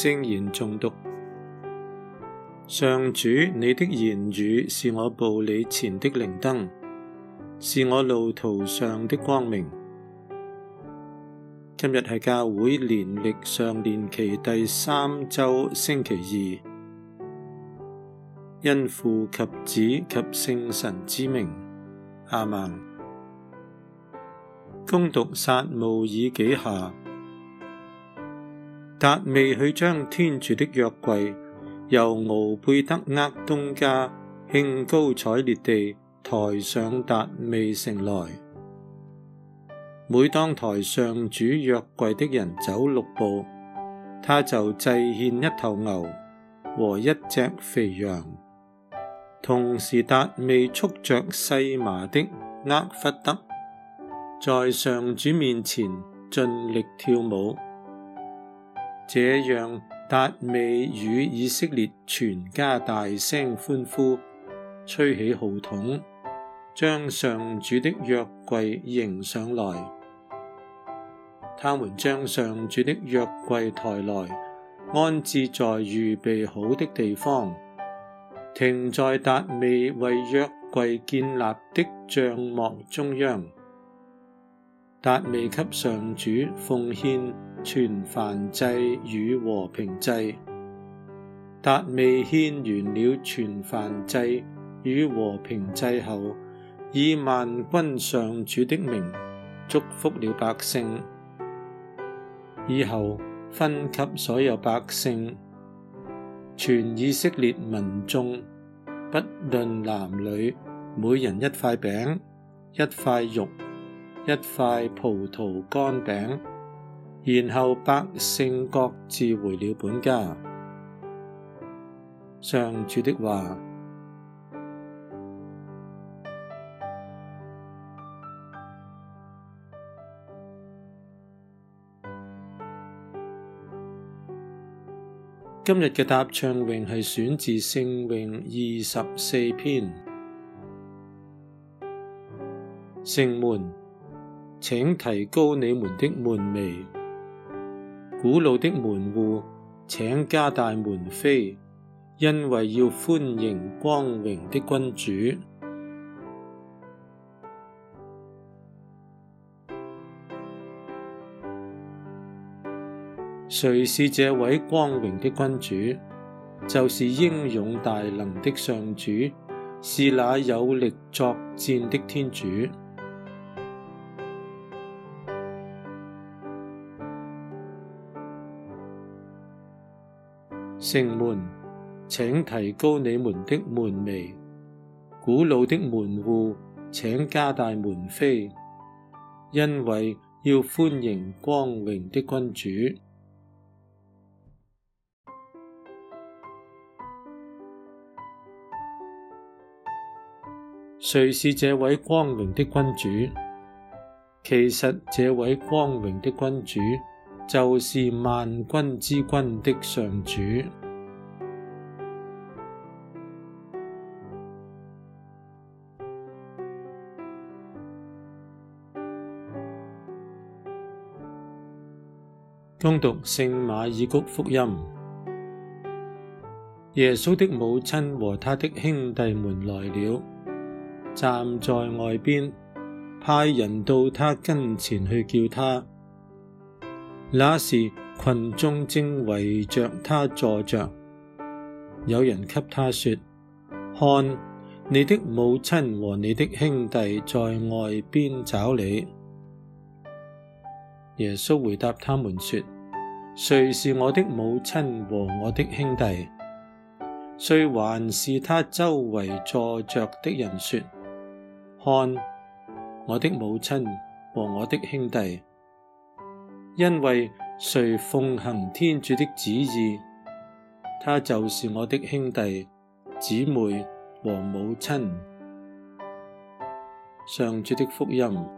聖言誦讀，上主，你的言語是我步履前的靈燈，是我路途上的光明。今日係教會年曆常年期第三周星期二，因父及子及聖神之名，阿門。恭讀撒慕爾紀下。達味去將天主的約櫃，由敖貝得厄東家興高采烈地抬上達味城來。每當抬上主約櫃的人走六步，他就祭獻一頭牛和一隻肥羊。同時，達味束著細麻的厄弗得，在上主面前盡力跳舞。這樣，達味與以色列全家大聲歡呼，吹起號筒，將上主的約櫃迎上來。他們將上主的約櫃抬來，安置在預備好的地方，停在達味為約櫃建立的帳幕中央。達味給上主奉獻。全燔祭與和平祭，達味獻完了全燔祭與和平祭後，以萬軍上主的名祝福了百姓，以後分給所有百姓，全以色列民眾，不論男女，每人一塊餅、一塊肉、一塊葡萄乾餅。然後百姓各自回了本家。上主的話：今日嘅答唱詠係選自聖詠二十四篇。城門，請提高你們的門楣。古老的門戶，請加大門扉，因為要歡迎光榮的君主。誰是這位光榮的君主？就是英勇大能的上主，是那有力作戰的天主。城門，請提高你們的門楣；古老的門戶，請加大門扉，因為要歡迎光榮的君主。誰是這位光榮的君主？其實，這位光榮的君主就是萬軍之軍的上主。恭讀聖馬爾谷福音，耶穌的母親和他的兄弟們來了，站在外邊，派人到他跟前去叫他。那時群眾正圍着他坐着，有人給他說：看，你的母親和你的兄弟在外邊找你。耶穌回答他們說。誰是我的母親和我的兄弟？遂環視他周圍坐着的人說：看，我的母親和我的兄弟，因為誰奉行天主的旨意，他就是我的兄弟、姊妹和母親。上主的福音。